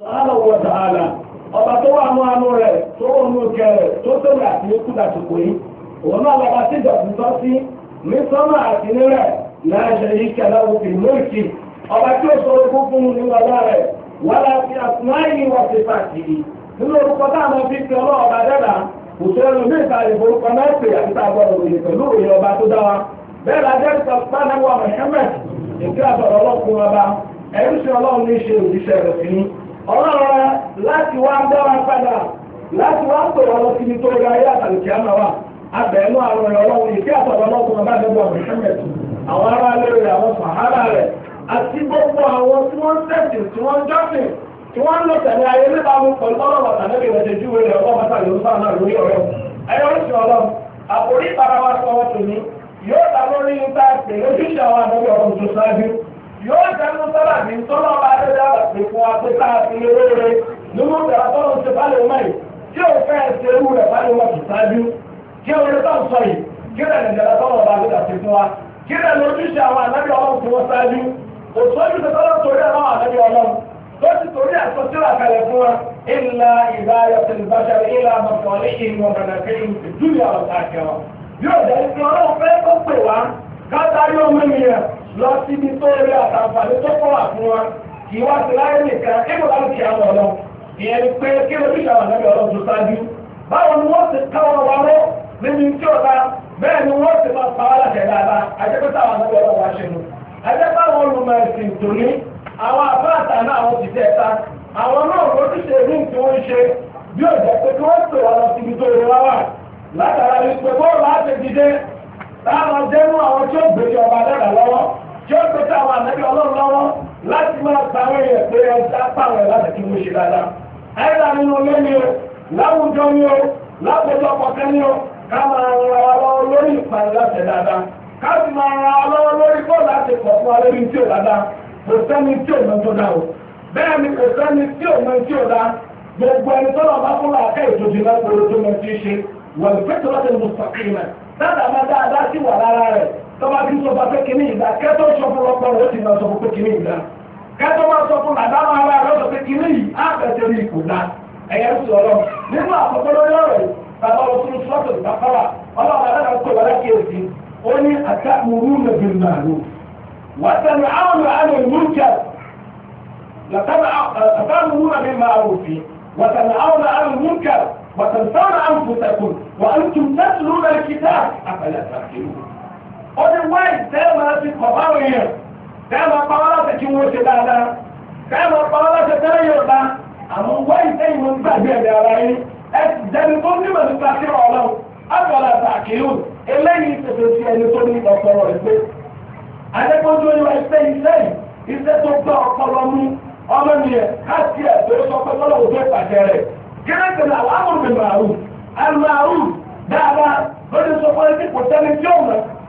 Sọ́hánà wọ ọba tó wà nú àánú rẹ̀ tó wọ́n nú kẹ rẹ̀ tó sẹ́wọ̀n àti ikú dàtìkò yìí. Òun náà lọ́ba tí ìjọsìn sí ní àti náà ṣe yí kẹlẹ́ Ọba tí ó sọ̀rọ̀ fún ní ọlá rẹ̀ wọ́n fi wọ́n ti fà Nínú orúkọ fi fi ọba dẹ́gbà, kò ní ìta ìforúkọ náà pè àti ọlọ́run láti wá ń dára padà láti wá ń pè wọ́n lọ síbi tó ga ayé àtàlùkì àmà wa abẹ̀ẹ́nú àwọn ẹ̀rọ ọlọ́run yìí kí àtàwọn ọlọ́kùnrin bá dẹ́gbọ́ àwọn ìṣẹ́mẹ̀tì àwọn ará lórí àwọn sàhárà rẹ̀ àti gbogbo àwọn tí wọ́n tẹ̀sìn tí wọ́n jọ́sìn tí wọ́n lọ tẹ̀lé ayé nípa mú pẹ̀lú ọlọ́run àtàlẹ́bí rẹ̀ ṣẹ́jú rẹ̀ ọgbọ́n bàtà yóò sáà náà lórí ọ̀rẹ́ ẹ̀yọ́ ń sọ ọlọ́run àkórí ìpara wa sọ ọ́ tòní yóò ta lórí ipa pè lójúṣe àwọn àdọ́gbọ̀n tó ṣáájú yóò dánú sábà ní tọ́lọ́ ọba adédáwà pé fún wa pé ká fi lé lóore nínú ìgbàlá tọ́lọ́ ń ṣe báyìí ọmọ yìí tí o fẹ́ ṣe irú rẹ̀ báyìí ọmọ tó ṣáájú kí o lè tán sọ yìí kí o lè dàgbà tọ́lọ́ ọba adédáwà pé fún wa kí o lè lójúṣe àwọn ànábì ọlọ́run tí wọ́n ṣáájú òtún ojúṣe tọ́lọ́ torí àwọn ànábì ọlọ́run tó ti torí àtọ́sílà kalẹ̀ fún wa ilà ìdáyọ̀ tẹlifásẹ̀rẹ̀ ilà àmọ̀fọ̀lẹ́ ìmọ̀ nàdàkẹ́yìn ìdúnyà ọ̀tá kẹwàá yóò dẹ́ lọ síbi tó rí àtàǹfààní tó pọ̀ wà fún wa kì í wá sí láyé nìkan ẹ̀kọ́ láti kí àwọn ọ̀lọ́ ìyẹn ni pé kí ló bíṣà wọn lẹ́bi ọlọ́run tó ṣáájú báwo ni wọ́n ti káwọn wa rọ́ níbi tí ọ̀la bẹ́ẹ̀ ni wọ́n ti máa pa wá láti ẹ̀dá àbá àjẹpẹ́sà àwọn ọ̀lọ́ ọlọ́run wa ṣe nù àjẹpẹ́ àwọn olùmọ̀ ẹ̀sìn tòní àwọn àbáàtà náà wọ́n ti tẹ̀ ta àwọn náà wọ́n ti ṣe ní tí wọ́n ṣe bí ó jẹ́ pé kí wọ́n pè wá lọ síbi tó rọra wà látara ní pé bọ́ọ̀lù á ti dìde táwọn jẹ́nu àwọn tí ó gbèjọba dára lọ́wọ́ jọ pé táwọn ànábì ọlọ́run lọ́wọ́ láti máa gbàwé yẹn pé ẹ dápá rẹ̀ láti kí mo ṣe dáadáa. àìlà nínú ilé ni o láwùjọ ni o lákòójọpọ̀ kan ni o ká máa ra wa lọ́wọ́ lórí ìpàdé láti dáadáa ká sì máa ra wa lọ́wọ́ lórí kó láti pọ̀ fún wa lórí tí ò dáadáa kò sẹ́ni tí ò mọ̀ tó dá o bẹ́ẹ̀ ni kò sẹ́ni tí ò mọ̀ tí ò dá gbogbo ẹni tó lọ bá fún làákẹ́ ìtòjì náà kò tó mọ̀ tí ì ṣe wọ̀lùfẹ́ tó lọ́sẹ̀ mùsùlùmí náà dáadáa máa dáadáa sí wà lára rẹ̀ tọ́ba ti sọ pé kíní ìdá kẹ́tọ́ sọ fún lọ́pọ̀ rẹ̀ ó sì máa sọ fún pé kíní ìdá kẹ́tọ́ máa sọ fún làdámọ́ ara rẹ̀ sọ pé kíní yìí á bẹ̀tẹ̀ rí ipò dá ẹ̀yẹ ń sọ̀rọ̀ nínú àkọ́kọ́ lórí ọ̀rọ̀ yìí bàbá òfin sọ́tò ìdáfáwà ọlọ́ọ̀bà náà kò wọlé kíyèsí ó ní àtà mùrú nàbì màlú wàtàmì àwọn àlè múkà àtà mùrú nàbì màlú fi wàtàmì àwọn àlè múkà wàtàmì sáwọn àǹfùtàkùn wà á tún tẹ́sílù náà kíkà àfẹ́lẹ́ àtàkìlù. ó ní wáyé tẹ́ẹ̀ máa ti kọ̀ báwọn èèyàn tẹ́ẹ̀ máa pa wọ́n láti kí wọ́n ṣe dáadáa tẹ́ẹ̀ máa pa wọ́n láti tẹ́lẹ̀ yóò ta àwọn wáyé tẹ́yìn wọn gbàgbé ẹ̀dẹ̀ ara yín ẹ ti dẹni tó nímọ̀ nípa sí ọlọ́run àgbàlá àtàkìrù eléyìí tètè sí ẹni tó ní ọpọlọ ẹgbẹ́ adékòjú oníwà iṣẹ́ iṣẹ́ yìí iṣẹ́ tó gbá ọpọlọ mú ọmọ nìyẹn káàkiri ẹ̀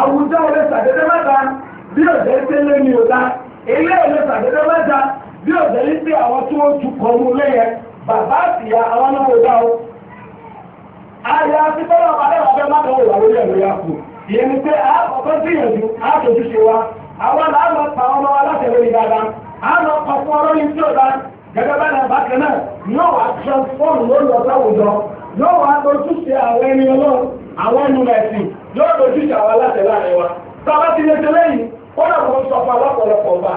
àwùjọ olè sàdédé mẹ́ta bí òjò ṣe lé ní ọ̀dá ilé olè sàdédé mẹ́ta bí òjò yìí ṣe àwọn tí wọ́n ju kọ́ bàbá àwọn náà wò dá o. àyà àti bọ́lá wà wò ni pé wa àwọn làwọn pa ọmọ wa láti ẹ̀rọ fún tí dá gẹ́gẹ́ bá náà náà yóò wá yóò dojú ìjà wa láti láàrin wa tábà ti lè ṣe lẹ́yìn kódà mo sọ fún alápọ̀lọpọ̀ ọba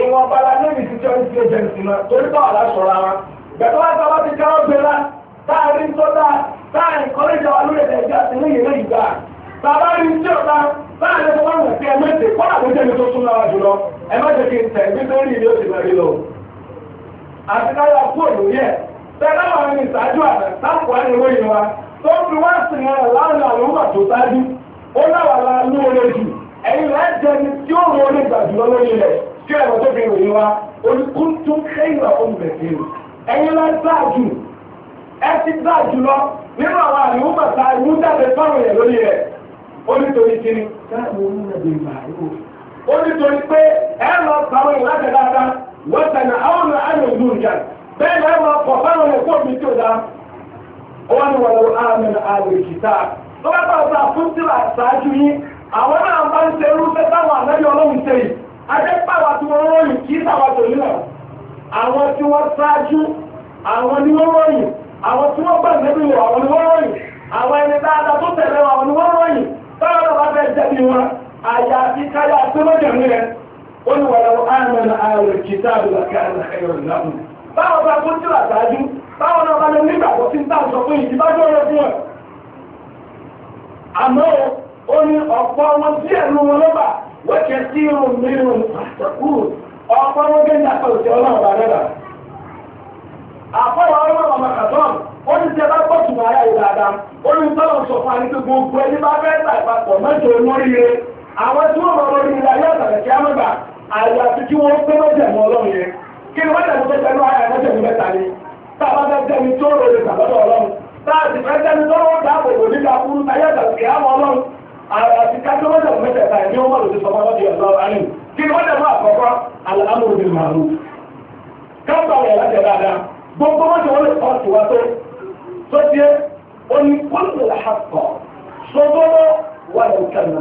ìwọ̀n bala níbi security agency náà torí báwa la sọ̀rọ̀ ara bẹ̀tọ́ wá tábà ti káwọ́ gbéra táàrin tó dáa táàrin kọ́lẹ́jà wa lórí ẹ̀dẹ̀ ìjà sí lẹ́yìn lẹ́yìn gbà tábà rí tí ò ta táàrin tó wọ́n wọ̀ sí ẹ̀mẹ́tẹ̀ kódà mo jẹ́ mi tó súnmọ́ wa jùlọ ẹ̀mẹ́tẹ̀ kì í tẹ̀ ẹ̀mí tó rí ilé òsì mẹ́rin lọ. àtikáyà fóònù yẹ tẹ́lẹ̀ wọn ní ìsájú àná táàpù wá ní owó yìí wa tó fi wá sí ó láwà la ní oore jù ẹ̀yin láti jẹ́ ẹni tí ó rún orí ìgbà jùlọ lórí rẹ̀ tí ó ẹ̀rọ tó fi ròyìn wa olùkún tún kẹ́yìnrà oúnjẹ sí i ẹ̀yin láti dáa jù ẹ ti dáa jùlọ nínú àwọn àríwú bàtà ìwú jáde fáwọn èèyàn lórí rẹ̀ ó nítorí kiri ó nítorí pé ẹ lọ báwọn èèyàn láti dáadáa wọ́n tẹ̀lé àwọn àyè òdùn ìjà bẹ́ẹ̀ ni ẹ lọ kọ̀ fáwọn èèyàn kó omi tí ó dáa ó wà ní wàlúù lọ́wọ́ta ọ̀sán àtúntìlà ṣáájú yín àwọn náà bá ń ṣe irúfẹ́ táwọn àmẹ́lẹ́ ọlọ́run ṣe yìí ajẹ́pàwà tí wọ́n ròyìn kì í sàwọn tòlú náà àwọn tí wọ́n ṣáájú àwọn ni wọ́n ròyìn àwọn tí wọ́n gbà nẹ́bí wọ̀ àwọn ni wọ́n ròyìn àwọn ẹni dáadáa tó tẹ̀lé àwọn ni wọ́n ròyìn táwọn náà bá fẹ́ jẹ́bi wọn àyà àti káyà tó lọ́jọ́ ní rẹ̀ ó ní wọ̀lọ́wọ́ àmàlà àrùn kìtàbù làkàrà ẹ̀rọ ìlànà báwọn bá kó tí wà ṣáájú báwọn náà bá lè nígbàgbọ́ sí ní táwọn àmọ́ ó ní ọ̀pọ̀ wọn sí ẹ̀nu wọn lọ́bà wẹ́kẹ̀ sí irun mìíràn àtẹ̀kù ọ̀pọ̀ wọn gé ní apá òsì ọlọ́run bá rẹ̀ rà. àpọ̀lọ̀ ọlọ́run ọmọ kàtọ́n ó ní tẹ́ bá pọ̀ tùmọ̀ ayá yìí dáadáa ó ní tọ́lọ̀ sọ fún àní pé gbogbo ẹni bá fẹ́ tà ìpapọ̀ mẹ́jọ lóríire àwọn tí wọ́n rọrọ nílẹ̀ ayé àtàlẹ̀ kí á mẹ́gbà àyàfi kí wọ́n gbé mẹ́jẹ̀mú ọlọ́run yẹn kí ni wọ́n jẹ̀mú tó tẹnu ayé àmọ́jẹ̀mú mẹ́ta ni tá a bá fẹ́ jẹ́mi tó rọrọ ìgbàlódé ọlọ́run táàsì pẹ́tẹ́ni lọ́wọ́ dáàbò kò ní ká kúrú táyé àtàkì àwọn ọlọ́run àti kájọ́ wọ́n dẹ̀mú mẹ́tẹ̀ẹ̀ta ẹ̀mí ọmọ lòdì sọmọ lọ́dì ọ̀sán ayé kí ni wọ́n dẹ̀mú àkọ́kọ́ alámúrú bí màálù káàpà wọ̀ láti dáadáa gbogbo wọn ti wọlé ọ̀sùn wa tó tó tiẹ̀ ó ní kólù làhàkọ̀ sọgbọ́n wà ní kẹlẹ́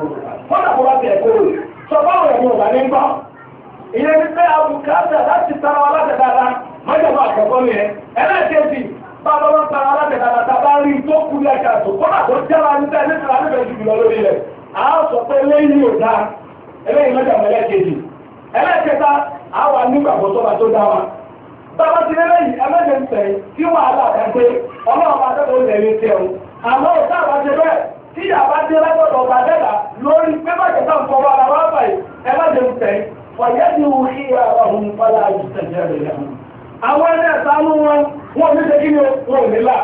wọn náà wọ́n ti ẹ̀kọ́ rẹ̀ sọgbọ́n rẹ̀ ni ọ̀gá ní gbọ́ ìyẹn ní pé àbùkátà láti tara wa láti dáadáa mọ́jọ́ bá àkọ́kọ́ mi ẹ̀ ẹlẹ́ẹ̀kejì bá a lọ́wọ́ tara wa láti dáadáa rí tó kú ní tó kọ́nà tó jára níta ẹni tó láti bẹ̀rẹ̀ jùlọ lórí rẹ̀ a sọ pé lẹ́yìn ò dáa eléyìí mẹ́ta mẹ́lẹ́ kejì ẹlẹ́kẹta a wà nígbàgbọ́ tó tó bàbá ti lé lẹ́yìn ẹlẹ́jẹ̀ ń tẹ̀ kí wọ́n pé ó lẹ́yìn tẹ̀ o àmọ́ òtá àbá ti bẹ́ẹ̀ tí àbá dẹ́gbà lórí pé ń fọwọ́ ara wá báyìí ẹlẹ́jẹ̀ ń tẹ̀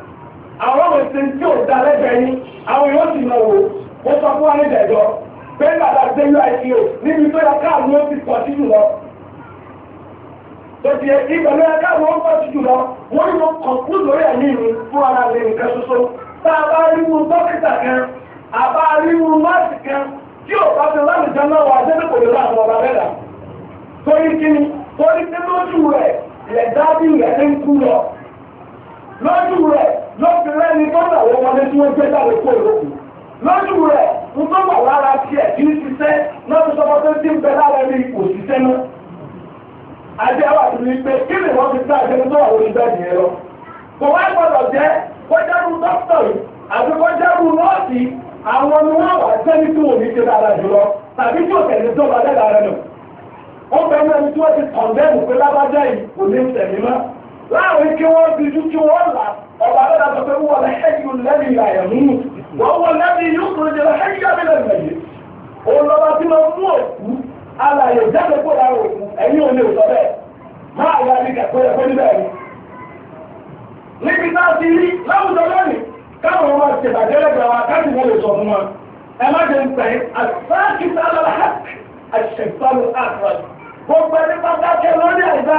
àwọn ọmọ ìsìn tí ò da lẹ́gbẹ̀ẹ́ yín àwọn yóò sì lọ wò ó sọ fún wa ní ìdẹ̀jọ́ bẹ́ẹ̀ bàbá gbé ya níbi tó yẹ káàmù ó ti pọ̀ sí jùlọ tòtí ibẹ̀ ló yẹ káàmù ó pọ̀ sí jùlọ wọ́n yóò kọ̀kú lórí ẹ̀mí mi fún ara rẹ̀ nìkan ṣoṣo tá a bá rí dókítà kan a bá rí wọn máàsì kan tí ò bá fi lójú rẹ̀ ló fi rẹ́ni tó nà wọ́n wọlé tí wọ́n gbé jáde kó lókun lójú rẹ̀ ń tó wà lára tiẹ̀ kì í ṣiṣẹ́ lọ́dún sọ́kọ́ tó ti ń bẹ lára ẹni kò ṣiṣẹ́ náà. àti àwọn àti ní pé kí ni wọ́n fi ká àjẹmí tó wà lórí bẹ́ẹ̀ nìyẹn lọ. kò wá gbọ́dọ̀ jẹ́ kọjárú dókítà yìí àti kọjárú nọ́ọ̀sì àwọn ni wọ́n wà sẹ́ni tí wọ́n ní ṣe dára jùlọ tàbí tí òkèlè tó wà lẹ́ ó bẹ̀rẹ̀ ẹni tí wọ́n láàrin kí wọ́n ti jú kí wọ́n là ọba dada sọ pé wọ́n lẹ́yìn lẹ́bi ìlàyà mú wọ́n wọ́n na yóò o jẹ lẹ́yìn abẹ́lẹ̀ lẹ́yìn òun lọ́ba tí wọ́n mú òkú alàyè jáde kó lára òkú ẹ̀yìn òun lè sọ bẹ́ẹ̀ máa yá ní kẹ̀kọ́ yẹ kó níbẹ̀ ni. níbi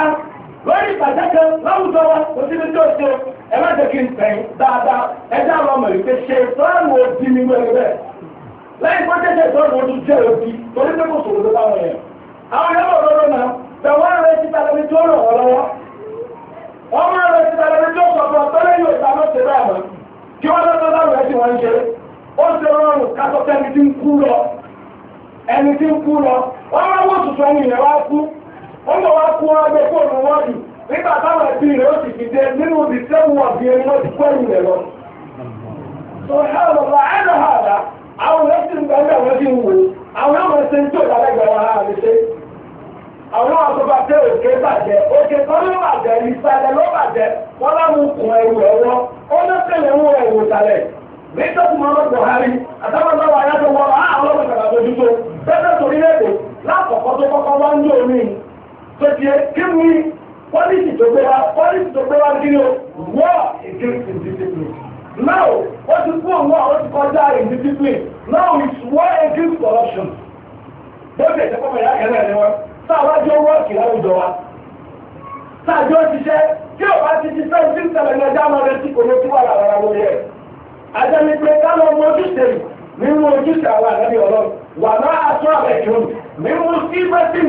tá a ti lórí ìbàjẹ́ kan láwùjọ wa kò síbi tí ó ṣe ẹ má jẹ́ kí n tẹ̀yìn dáadáa ẹ já lọ mọ̀ wípé ṣe fúláwù òbí mi wẹ̀rẹ̀ bẹ́ẹ̀ lẹ́yìn pé jẹ́jẹ́ ìtọ́jú ojú jẹ́ òbí torí pé kò sòrò ló bá wọn yẹn. àwọn yẹ́wò lọ́dọ̀ náà bẹ̀ wọ́n rẹ̀ ti tàbí tí ó ràn wọ́n lọ́wọ́ wọ́n máa rẹ̀ ti tàbí tí ó sọ fún ọ̀tọ́lẹ́ yóò ta ló ṣe bẹ́ẹ̀ mọ́ kí wọ́n lọ́dọ̀ láwùjọ tí wọ́n ń ṣe ó ṣe rọrùn kásọ̀ tẹ́ni tí ń kú lọ ẹni tí ń kú lọ wọ́n máa wọ́n ọmọ wa kú agbo fóònù wọn jù nígbà táwọn ẹbí rẹ̀ ó sì fi dé nínú ibi sẹ́wọ̀n ẹni wọ́n ti lọ. sọ̀rọ̀ ẹ̀rọ àwọn ti ń gbà ti ń wò àwọn ń tó ìdálẹ́gbẹ̀ẹ́ wọn ṣe. àwọn òkè bàjẹ́ òkè kan ló bàjẹ́ ìsàlẹ̀ ló bàjẹ́ láwọn kùn ó ní tọ́jú kí ni pọ́lísì tó gbé wá pọ́lísì tó gbé wá kí ni o wọ́ against indiscipline now ó ti kú òun àwọn ti kọjá indiscipline now it's war against corruption bóbi ẹ̀jẹ̀ pọ̀ mẹ́rin àkẹ́rẹ́ ẹ̀rẹ́ wọn sáwá jọ wọ́ọ̀kì láwùjọ wa sáàjọ ṣiṣẹ́ tí ò bá ti ṣiṣẹ́ sí ìṣẹ̀lẹ̀ ní ọjà máa rẹ̀ tí kò ní kí wà lára lórí ẹ̀ àjẹmípe ká lọ mọ ojúṣe nínú ojúṣe àwọn àgbẹ̀bí ọlọ́run wà máa aṣọ àbẹ̀kùn nínú sí mẹ́sìn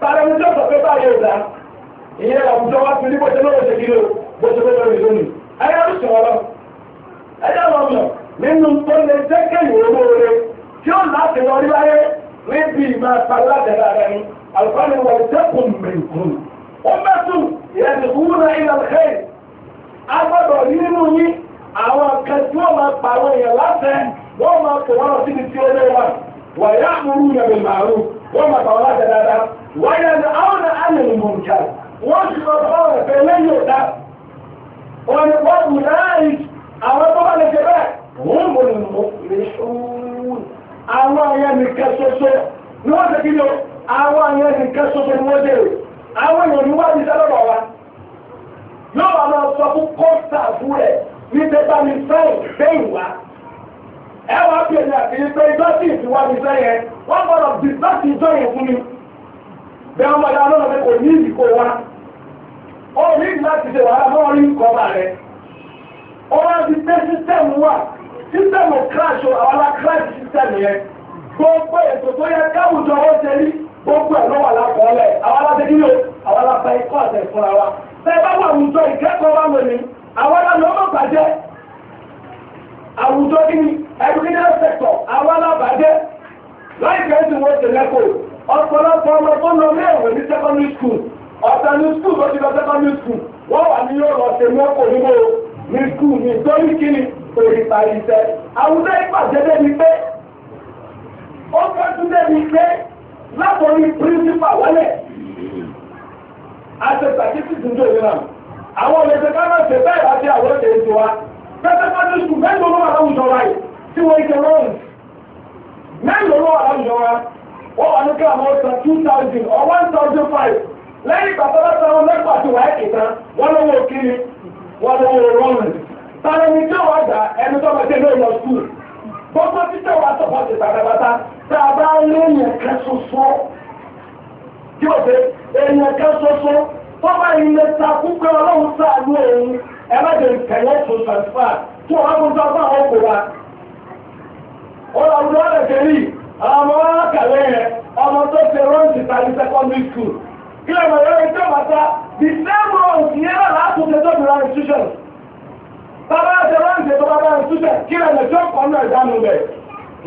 tààrẹ ní tó sọ̀fẹ́ báyìí ọ̀dà ìyẹn àwùjọ wa fi ní bó ṣe lọ́wọ́ ṣe kí ló bó ṣe lọ́wọ́ rẹ̀ lónìí ẹ̀yà ló ṣe wọ́n lọ. ẹ̀yà lọ mọ̀ nínú tó lè jẹ́ kéèyàn owó rẹ̀ tí ó láti lọ rí láyé níbi ìmọ̀ àtàládẹ̀rẹ̀ rẹ̀ ni àlùfáàní wọ̀ jẹ́kùn mẹ́kùn. ó mẹ́tù yẹ̀dùkúrúnà ilẹ̀ kẹ́ẹ̀ agbọ́dọ̀ nínú yín àwọn kan tí wọ́n máa pa àwọn èèyàn láṣẹ wọ́n máa pè wọ́n lọ síbi tí ó lé wọn wọ̀nyá àmúrú yẹ̀bẹ̀ màrú wọ́n máa pa wọn dáadáa wọ́yẹ̀ ní àwọn àmì ìmọ̀ǹkà wọ́n ti sọ fún ọ̀rọ̀ pé lẹ́yìn ọ̀dá wọ́n ni wọ́n kù láàyè àwọn tó bá lè ṣe bẹ́ẹ̀ wọ́n mọ̀ ní mọ̀ lè ṣùgbọ́n àwọn àyẹ̀ nìkan ṣoṣo ni wọ́n ti kílò àwọn àyẹ̀ nìkan ṣoṣo ni wọ́n dèrò àwọn èèyàn ni wọ́n ti sẹ́lọ̀bọ̀ wa yóò wà máa sọ fún kọ́ńtà fún ẹ̀ ní pépà ní sẹ́yìn bẹ́ẹ̀ wọ́n bá lọ́nà pé kò ní ìdíkò wa ó ní láti ṣe wàhálà mọ́ orí kọ́ba rẹ̀ ó wá ti pé sísẹ́mù wà sísẹ́mù crash o àwọn crash sísẹ́mù yẹn gbogbo ètò tó yẹ káwùjọ ó ṣe ní gbogbo ẹ̀ ló wà lákọọ́lẹ̀ àwọn àwọn ikọ́ wa bẹ́ẹ̀ bá wà àwùjọ ìkẹ́kọ̀ọ́ wa àwọn ọmọ bàjẹ́ àwùjọ kí ni ọ̀pọ̀lọpọ̀ ọmọ tó lọ ní ẹ̀wẹ̀ ní secondary school ọ̀tà ní school tó ti lọ secondary school wọ́n wà ní yóò lọ ṣe ní school ní torí kí ni torí parí àwùjọ ìpàdé débi pé ó fẹ́jú débi pé látọ̀rí principal wọlé àti statistics ń jò nínú àwọn olùsẹ̀ káwọn ṣe bẹ́ẹ̀ láti àwọn ètò wa wọ́n wà ní kí àwọn two thousand or one thousand five lẹ́yìn ìgbà tó bá sọ wọn mẹ́fà ti wà ẹ̀kì tán wọ́n lówó kiri wọ́n lówó rọrùn tàbí ní tí wọ́n gbà ẹni tó bá ṣe ló lọ sùn gbogbo títẹ̀ wà sọ̀pọ̀ ti tàbátà tá a bá léèyàn kan ṣoṣo yóò dé èèyàn kan ṣoṣo tó bá ilé ta púpẹ́ ọlọ́run sáàlú òun ẹ má jẹ́ ìkẹyẹ́ tó sàǹfà tó wọ́n mú sọ fún àwọn kò wá. ó lọ rú ọ̀rẹ́ kẹrí àwọn ọmọ parí secondary school kí lè mọ̀ lórí tó máa ta the same roles ní ẹ̀rọ láti ṣe tó bìrọ̀ institution bàbá ṣe wọ́n ṣe tó bàbá institution kí lè mọ̀ tó pọ̀ náà ìdánù rẹ̀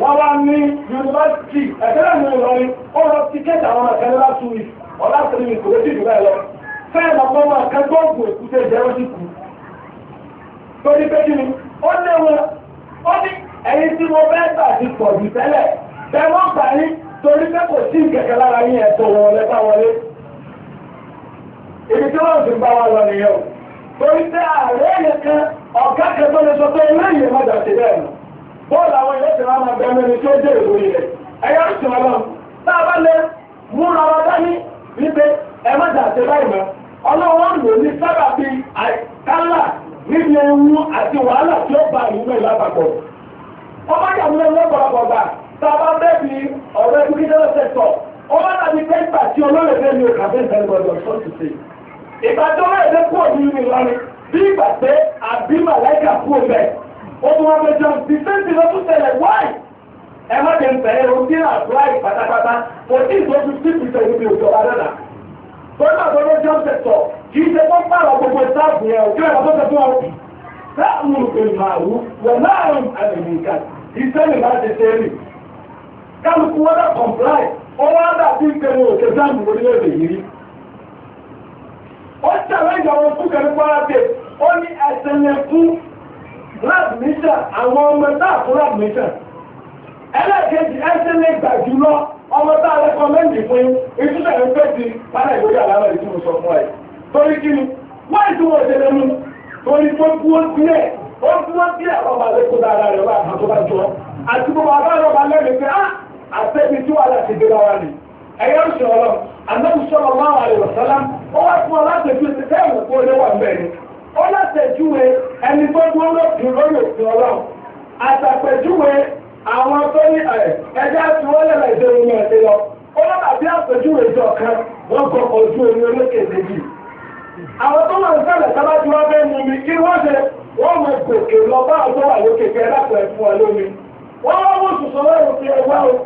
wọ́n wá ní yunifásitì ẹ̀kẹ́lẹ́ mi ìrọ̀rin ó lọ sí kẹ́kẹ́ àwọn ẹ̀kẹ́lẹ́ láti wí ọ̀la tẹ̀lé mi kò lè dìbò bẹ́ẹ̀ lọ fẹ́ẹ̀ lọ mọ́ wọn kẹ́ gbọ́ǹgù èkúté ìjẹ́rọ́ sí kù torí pé kí ni ó lé wọn ó ní ẹ̀yìn tí mo fẹ́ gbà ti pọ̀ jù tẹ́lẹ̀ bẹ́ẹ̀ wọ́n gbà ní torí pé kò sí kẹ̀kẹ́ lára yín ẹ̀tọ́ wọn lẹ́bá wọlé ibi tí wọ́n sì ń bá wa lọ nìyẹn torí pé ààrẹ kan ọ̀gá kan lè sọ pé eléyìí má dàtí bẹ́ẹ̀ nù bọ́ọ̀lù àwọn ilé ìtura máa bẹ ẹni tí ó jẹ́ ìlú ilẹ̀ ẹ̀yà ń sọ̀rọ̀ lọ tá a bá lè mú ara dání wípé ẹ má dàtí báyìí mọ́ ọlọ́wọ́n lò ní sábà bí àìkálà níbi ewu àti wàhálà tí ó bá ìlú náà lápapọ̀ Bàbá bẹ́ẹ̀ni ọ̀rọ̀ ẹgbẹ́ náà sẹ̀tọ̀. Ọba tàbí pé ìgbà tí olóòrè fẹ́ mi ò kà fẹ́ ìfẹ́ gbọdọ̀ tó ti ṣe. Ìgbà tí olóòrè fẹ́ kúrò ní ìlú Ìlọrin bí ìgbà pé àbí màláìkà kúrò bẹ̀. Ó tún wọn fẹ́ jọ ti sẹ́ńtì ló tún tẹ̀lẹ̀ wáì. Ẹ má jẹ nfẹ̀ẹ́ o kí àdúrà ìpátápátá kò tí ì tó fi sí ìpìtẹ̀ níbi òjọba náà. Bọ́lá àbọ̀dọ̀ jọ sẹ̀tọ̀ kì í ṣe tó pààrọ̀ gbogbo ìsáàbù yẹn ò kí wọ́n tó tẹ̀ fún ọ láàrùn ìmàrú wọ̀ láàrùn àmì ìkà ìṣẹ́lẹ̀ máa rí kálukú wọn náà comply ọwọ́ àdàbí ìpẹ̀wò òkè sáàmù orílẹ̀-èdè yìí ó ṣàlàyé àwọn fúnkẹ́ ní kwara ó ní ẹ̀sẹ̀lẹ̀ fún radmission àwọn ọmọ náà fún radmission ẹlẹ́ẹ̀kejì ẹ̀sẹ̀lẹ̀ gbà jùlọ ọmọ tá a rẹ́kọ̀mẹ́ǹdì fún ìtúsẹ̀ ní pé ti padà ìwé àlàáfà ìtumù sọ fún torí kí ni wọ́n torí kú ó ó kú ó ọba dáadáa rẹ̀ wá àti gbogbo àbá àtẹ́bi tí wàhálà ti dé lára ni ẹ̀yọ́ ń sọ̀rọ̀ lọ ànábi sọ̀rọ̀ máa wà lọ sọ́lá ó wá fún ọ láti fi ti dẹ́ ìwòkó lé wà mbẹ́ ni ó láti júwe ẹni tó dúró lókun lórí òfin ọlọ́run àtàpẹ̀júwe àwọn tó ní ẹja tí wọ́n lè lè dẹrù ní ẹ̀sẹ̀ lọ ó lọ́ bàbí àpèjúwe jọ kan wọ́n kọ ojú omi olókè méjì àwọn tó wà ń sọ̀rọ̀ sábàjú wọn fẹ́ mú mi kí wọ́n ṣe wọ́n mọ gòkè lọ bá àwọn tó wà lókè kẹ́ lápẹ̀ fún ọ lómi wọ́n wọ́n mú sùsùn lọ́rùn fi o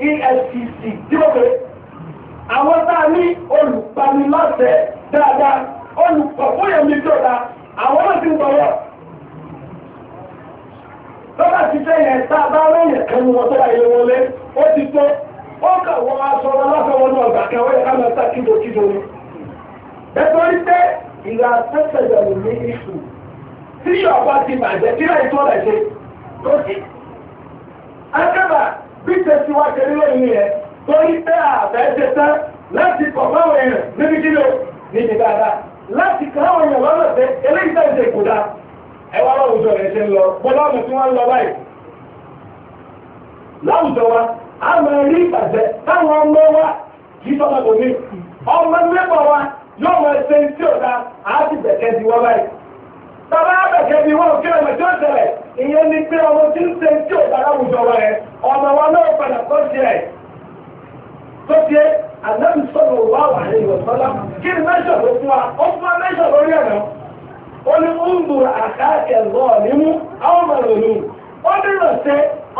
EFCC tí ó àwọn tá a ní olùpaniláṣẹ dáadáa olùpọ̀fóyèmí tó àwọn náà ti ń bọ̀wọ̀ lọ́gbà ṣiṣẹ́ yẹn tá a bá lóyè kẹnu wọn tó ayé wọlé ó ti tó ó kà wọ́n aṣọ wọn lọ́sọ̀ wọn yẹ ká ni. pé ìlà ní ìṣù tí ti bàjẹ́ láì píṣẹ́ tí wá ṣe nílé ìní ẹ̀ torí pé àbẹ̀ ṣe tán láti kọ̀ èèyàn níbi kí ló níbi dáadáa láti kọ̀ èèyàn lọ́nà pé eléyìí tẹ̀ ṣe kò ẹ wá láwùjọ rẹ̀ ṣe ń lọ bọ́lá ọ̀nà tí wọ́n ń lọ báyìí. láwùjọ wa a máa rí ìbàjẹ́ táwọn ọmọ wa kì í sọ́kọ̀ ọmọ mẹ́fà wa yóò máa ṣe bàbá àbẹ̀kẹ́ bí wọ́n kí ọmọ tó ṣẹlẹ̀ ìyẹn ni pé ọmọ tí ń ṣe tí ò dára wa rẹ̀ ọmọ wa náà padà kọ́ sí ẹ̀ tó ṣe àdáni sọ̀rọ̀ wà wà ní ìwọ̀sọ́lá kí ni mẹ́ṣọ̀ ló fún wa ó fún wa mẹ́ṣọ̀ lórí ẹ̀rọ ó ní ń bu nímú àwọn ọmọ ó ní lọ sí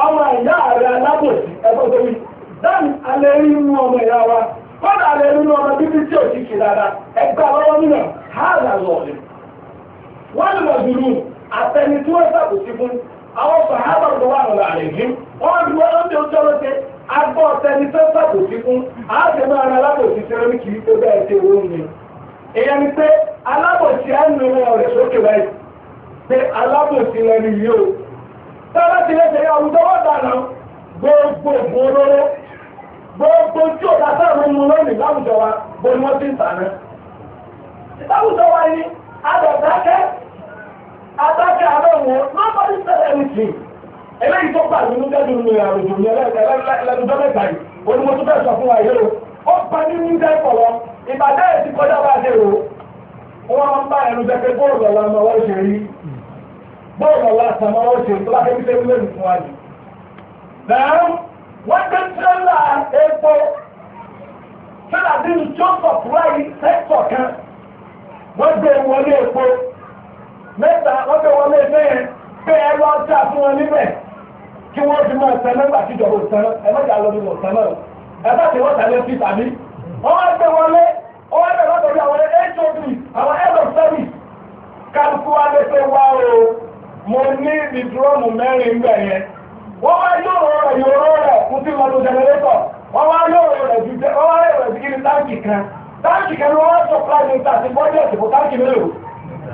ọmọ ìyá rẹ̀ alábòsí ẹ̀fọ́ tó wí alẹ́ rí inú ọmọ ìyá wa wọ́n lọ dùrù àtẹni tí wọ́n sí fún àwọn sàhábà tó wà lọ́la rẹ̀ yìí dùn wọ́n tó tọ́lọ́ tó sí fún ara alábòsí tó ni èèyàn ni pé alábòsí á nu wọn sókè báyìí pé alábòsí yìí o tọ́lá ti gbogbo gbogbo tí àwọn lónìí láwùjọ wa ni wọ́n ti ń tà adájọ́ aláwọ̀ nobody said anything eléyìí tó gbà nínú jẹ́jú ní àròjù ní ẹlẹ́dùjọ́ mẹ́ta yìí onímọ̀ tó bẹ̀rẹ̀ sọ fún wa yìí ó pa ní ní ìbàdàn ti kọjá bá dé o wọ́n máa ń bá ẹnu jẹ́ bóòlù ọ̀la ọmọ wọn ṣe rí bóòlù ọ̀la àtàmọ́ wọn ṣe tó bá fẹ́ mẹ́ta lọ́dọ̀ wọn lè fẹ́ yẹn pé ẹ lọ sí àfihàn níbẹ̀ kí wọ́n fi máa sẹ́ ẹ ẹ bá ti wọ́n tàbí wọ́n wá gbé wọlé wọ́n wá bí àwọn hod wa lè fẹ́ wá o mo ní mẹ́rin bẹ̀ yẹn wọ́n wá yóò fún sí mọ́tò jẹnẹrétọ̀ wọ́n wá yóò kí táǹkì kan táǹkì kan ni wọ́n wá sọ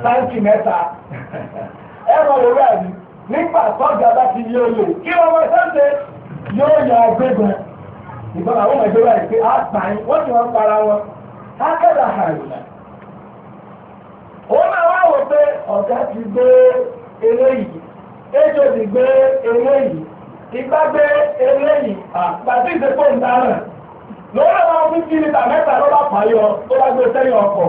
táǹkì mẹ́ta ẹ̀rọ lórí àbí nígbà tọ́jà bá ti yé olè kí wọ́n wọ́n sẹ́ńtẹ̀ yóò yà agbégbọn ìbọn àwọn ọmọ ìjọba rẹ̀ pé á pa yín wọ́n ti wọ́n para wọn á àrùn òun pé ọ̀gá ti gbé eléyìí ejò ti gbé eléyìí eléyìí fífi mẹ́ta ló bá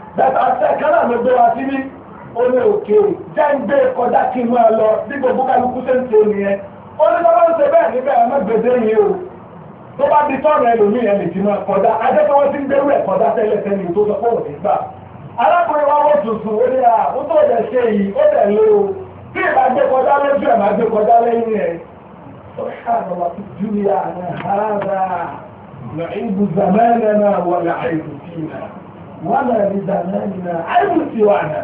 bẹ́ẹ̀ ase kana ló gbé wa síbí ó ní òkè o n máa lọ bí gbogbo kálukú ṣe ń ṣe nìyẹn ó ní bá bá ń o tó bá di tọ́ọ̀nù ẹlòmíì ẹ̀ lè ti máa kọjá adẹ́kọ̀wọ́ ti ń gbérú ẹ̀ kọjá tẹ́lẹ̀ tẹ́lẹ̀ tó sọ pé òní gbà wa wọ́n tuntun ó ní à ó tó ṣe yìí ó tẹ̀ lé o bí ìbá gbé kọjá lójú ẹ̀ máa gbé kọjá lẹ́yìn ẹ̀ wàhálà ìdá náà nìyà àìmù ti wà náà.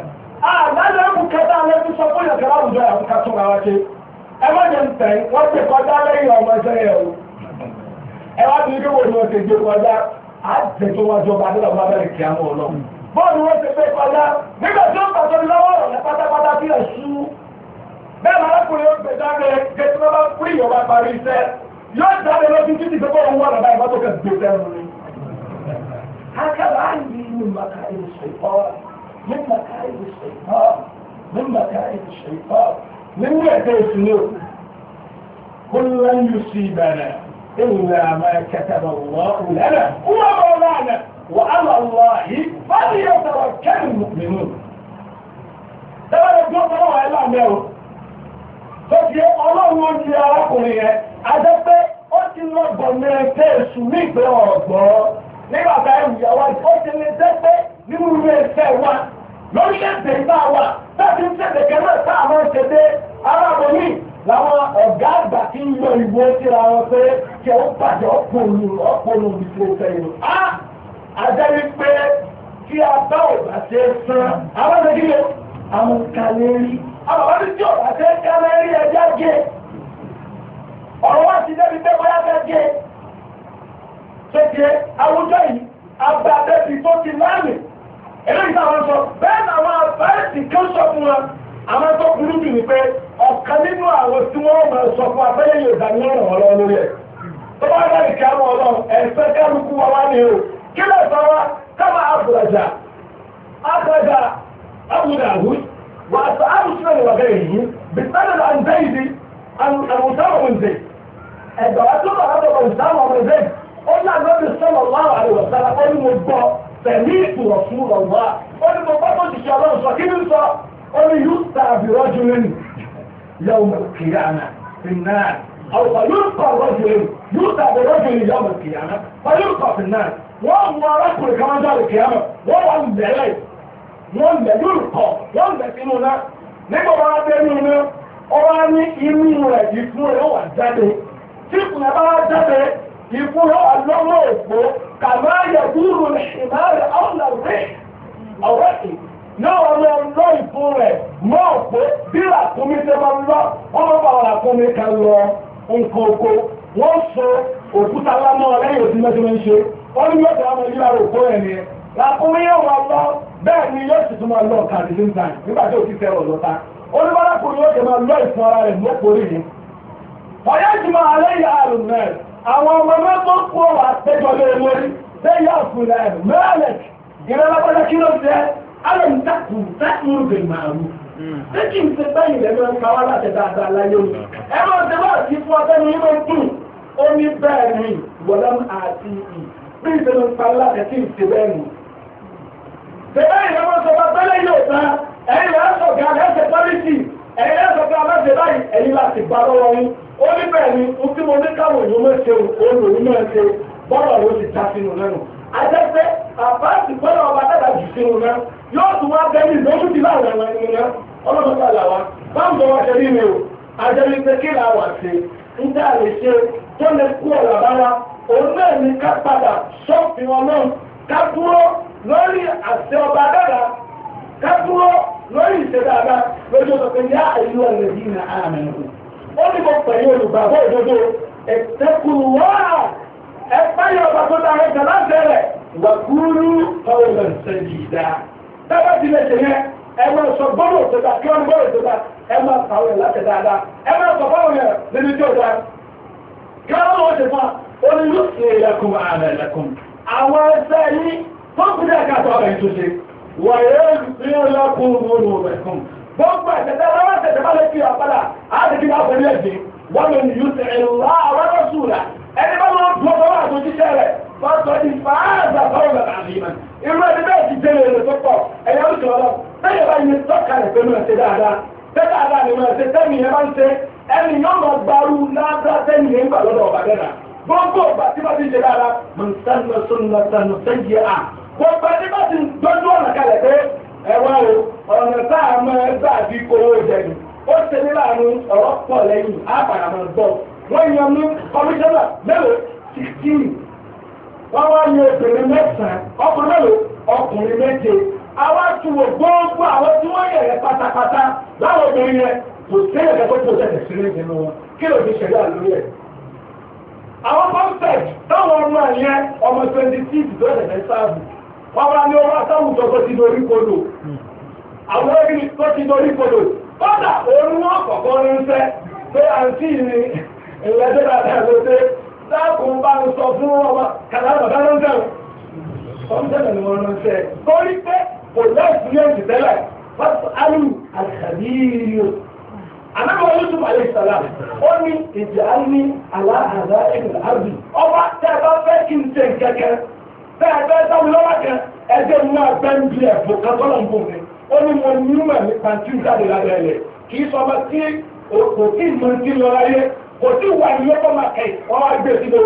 àgbàdo ẹ̀kú kẹta lẹ́nu sọ fún yàtọ̀ láwùjọ yàtọ̀ ká tó ra wá ké ẹ má jẹ ntẹ̀ wọ́n ti kọjá lẹ́yìn ọmọ ẹsẹ̀ yẹ o ẹ wá ti rí wòlíwọ̀ ti gbé kọjá á jẹ tó wájú ọba adé làwọn abẹ́rẹ́ kí á mọ̀ ọ́ bọ́ọ̀lù wọn ti gbé kọjá nígbà tí ó ń pàtó lọ́wọ́ rẹ̀ pátápátá sí ẹ̀sù bẹ́ẹ̀ arákùnrin ó gbé dáre gẹ́gẹ́ tí wọ́n bá pín ìyọ̀ba parí iṣẹ́ yóò dáre lójú títí pé bọ́ọ̀lù wọn lọ́ba ìbátò kẹ́ gbé sẹ́nu ni. هكذا عندي من مكائد الشيطان من مكائد الشيطان من مكائد الشيطان من يأتي كل كلا يصيبنا إلا ما كتب الله لنا هو مولانا وعلى الله فليتوكل المؤمنون tẹ́lẹ̀ tí ó tọ́lọ́ wà ẹ̀là mẹ́rọ tó fi ọlọ́run ó di arákùnrin yẹn adẹ́pẹ́ ó ti lọ gbọ̀nà ẹgbẹ́ arakunrin yen ní ìgbẹ́ igbe ogbon nígbà tá a wùyà wa ó ti lè jẹ́ pé nínú ilé ẹ̀fẹ́ wa lórílẹ̀-èdè ìgbà wa láti ń tẹ̀lé kẹ́lẹ́ tá a máa ń ṣe dé arábọ̀ mi làwọn ọ̀gá àgbà kí ń yọ ìwé síra wọn pé kí ó bàjẹ́ ọ̀pọ̀lù ọ̀pọ̀lù ìfò sẹ́yìn. a àjẹ́ wí pé kí a bá òbá ṣe san àwọn ẹgbẹ́ àwọn kàlérí àwọn ọ̀rẹ́ tí òbá ṣe kàlérí ẹ̀jẹ̀ gé ọ̀rọ̀ wá ti débi pé bóyá fẹ́ gé. ṣẹ́kẹ́ àwùjọ yìí abàbẹ́bí tó ti láàmì eléyìí táwọn sọ bẹ́ẹ̀ làwọn abáyẹ̀sì kan sọ fún wa àwọn tó burú jù ní pé ọ̀kan nínú àwọn tí wọ́n máa sọ fún abẹ́yẹ yóò dá nínú ọ̀rọ̀ lórí ẹ̀ tó bá dá ìkẹ́ àwọn kálukú wa wá ní o kí lè sọ wa káma abùràjà abùràjà abùràhù wà á sọ àrùsùn ya wàgẹ́ yìí bìtánà àǹdẹ́yìí ẹ̀dọ̀ ó ní àgbẹ̀bí sọ̀rọ̀ láwọn àríwọ̀ sára ó ní mo gbọ́ tẹ̀lé ìtura fún ọ̀wá ó ní mo bá tó ti ṣe ọlọ́run sọ kí ni sọ ó ní yóò ta àbírọ́ ju lẹ́nu yóò mọ̀ kiri àná iná àwùjọ yóò kọ̀ rọ́jò lẹ́nu yóò ta àbírọ́ ju lẹ́nu yóò mọ̀ kiri àná wọ́n yóò kọ̀ sí náà wọ́n mú arákùnrin kan jáde kiri àná wọ́n wà ń bẹ̀rẹ̀ wọ́n bẹ̀ ìfúnra àlọ́wọ́ òpó kàmá yẹ̀dúrù ìmáàrẹ̀ ọ̀làwẹ̀ ọ̀wẹ́kì náà wọ́n lọ lọ ìfún rẹ̀ mọ́ òpó bí làkúnmí ṣe máa ń lọ wọ́n máa bá làkúnmí kan lọ nǹkan oko wọ́n so òkúta lámọ́ lẹ́yìn òsì mẹ́tìmẹ́ ń ṣe wọ́n ní yóò tẹ̀wọ́n mọ́ yíra òpó rẹ̀ ni làkúnmí yóò wọ́n lọ bẹ́ẹ̀ ni yóò sì tún máa lọ kàdé ní ìgbà nígbà tí òsì tẹ̀ ọ̀lọ́ta oníbàdàkùnrin yóò tẹ̀ máa lọ ìfún ara rẹ̀ mọ́pọ̀ àwọn ọmọ mẹ́tọ́ kú ọ̀wà àtẹ́jọ́ lé lórí bẹ́yà fúnra ẹ̀ mẹ́rẹ̀lẹ̀ ìrẹ́lẹ́pẹ́lẹ́ kí ló jẹ́ alẹ́mìtàkùn tẹ́kùn rẹ̀ màálù tẹ́kì ń ṣe bẹ́yìn lẹ́nu ẹ̀ka wá láti dáadáa láyé omi ẹ máa ṣe bá àti fún ọtẹ́ ní ilé dùn ó ní bẹ́ẹ̀ ni wọ́lọ́m àti ì ẹ̀yin náà sọ pé aláṣẹ báyìí ẹ̀yin láti gbà lọ́wọ́ yín ó ní bẹ́ẹ̀ ni ohun tí mo ní káwọn èèyàn máa ṣe òun lòun náà ṣe bọ́ọ̀lù ló ti ta sínú lẹ́nu àjẹpẹ́ àpáàtì pẹ́lú ọba dàgbà jù sínú náà yóò tún wá bẹ́ẹ̀ ní lóṣù tí láwọn ẹ̀wọ̀n ẹ̀wọ̀n náà ọlọ́dún tó àlà wa báwo ló wá ṣe rí mi o àjẹrí pé kí làwọn àṣe ń dá lè ṣe tó lè kú ọ̀rọ̀ rárá òun náà ní ká padà sọ́ọ̀fin ọlọ́run ká dúró lórí àṣẹ ọba dára ká dúró lórí ìṣẹ̀dáadá lójú ọ̀sọ̀ pé yá ìlú ẹ̀lẹ́dí na àmẹ́nu ó ní mo pẹ̀lú olùgbàgbọ́ òdodo ẹ̀tẹ́kùrù wá ọba tó dára ẹ̀jẹ̀ láti rẹ̀ wà kúrú ọ̀rọ̀ ti lè gbọ́dọ̀ kí wọ́n gbọ́dọ̀ dáadáa yẹn tí ó dá kí wọ́n ويغفر لكم ذنوبكم gbogbo ẹ̀ṣẹ̀ṣẹ̀ lọ́wọ́ ẹ̀ṣẹ̀ṣẹ̀ bá lè fi ọ̀padà àdìgí máa pẹ̀lú ẹ̀jẹ̀ wọ́n lè yù sí ìlà ọ̀rọ̀ sùúrà ẹni bá wọn bu ọmọ wọn àtòjíṣẹ́ rẹ̀ fọ́tọ̀ tí wọ́n ti ṣe dáadáa mọ̀ ń sánú sọ́nù lọ́sánú sẹ́yìn à gbogbo ẹni bá ti gbọ́dọ̀ ọ̀nà kalẹ̀ pé ẹ̀wá o ọ̀nà tá a mọ ẹgbẹ́ àbí owó ìjẹ̀dù ó ṣe ní láàánú ọ̀rọ̀ pọ̀ lẹ́yìn àpàràmọ̀ gbọ́ wọ́n yan ní kọmíṣánná mélòó sixteen wọ́n wá ní obìnrin mẹ́sàn-án ọkùnrin mélòó ọkùnrin méje àwa tún wò gbogbo àwọn tí wọ́n yẹ̀rẹ̀ pátápátá láwọn obìnrin yẹn kò sí ẹ̀rẹ́ tó tó tẹ̀sẹ̀ sílẹ̀ nínú wọn kí ló fi ṣẹlẹ̀ àlórí ẹ̀ àwọn pọ́ńpẹ̀t táwọn ọmọ yẹn ọmọ twenty six tó tẹ̀sẹ̀ sáàbù bàbá ni ó wá sáwùjọ tó ti dorí kodò àwọn ẹbí tó ti dorí kodò kódà òun náà kọ̀kọ́ ní ń fẹ́ pé àǹtí ni ìrẹsẹ̀ dáadáa ló dé dákun bá ń sọ fún ọmọ kàdáàbà bá ló ń dẹ̀rùn kọ́ńtẹ́nà ni wọ́n ránṣẹ́ torí pé kò lẹ́sìlẹ́sì tẹ́lẹ̀ fásitì alu àkàdíyò anáwó yusuf aleṣàlá ó ní ìjà ní aláàdá ẹ̀kọ́ ọba tẹ́ bá fẹ́ kí n ṣe kẹ́kẹ́ bẹ́ẹ̀ bẹ́ẹ̀ sáwọn lọ́wọ́ kan ẹgbẹ́ mú abẹ́ńbí ẹ̀fọ́ kan tọ́lọ̀ ń bò ní ó ní mo ní mọ̀ nípa tí ó jáde lábẹ́ rẹ̀ kì í sọ ọmọ tí kò tí ì mọ tí lọ láyé kò tí wà ní ọkọ̀ máa kẹ́ wọ́n wá gbé síbò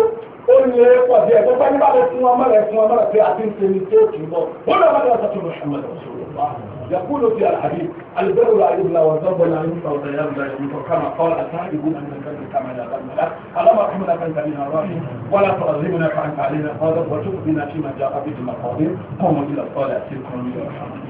ó ní eré pọ̀ bí ẹ̀gbọ́n bá ní bá lè fún ọmọ rẹ̀ fún ọmọ rẹ̀ pé àti ń ṣe ní tí ó kì í bọ̀ ó lọ́wọ́ يقول في الحديث البر لا يبلى والذنب لا ينسى والعياذ لا يموت كما قال أتعجبون أن البر كما لا ذنب لك اللهم ارحمنا فأنت بنا راحم ولا تعذبنا فأنت علينا قادر وتؤذنا فيما جاء به المقادير قوموا إلى الصلاة يرحمكم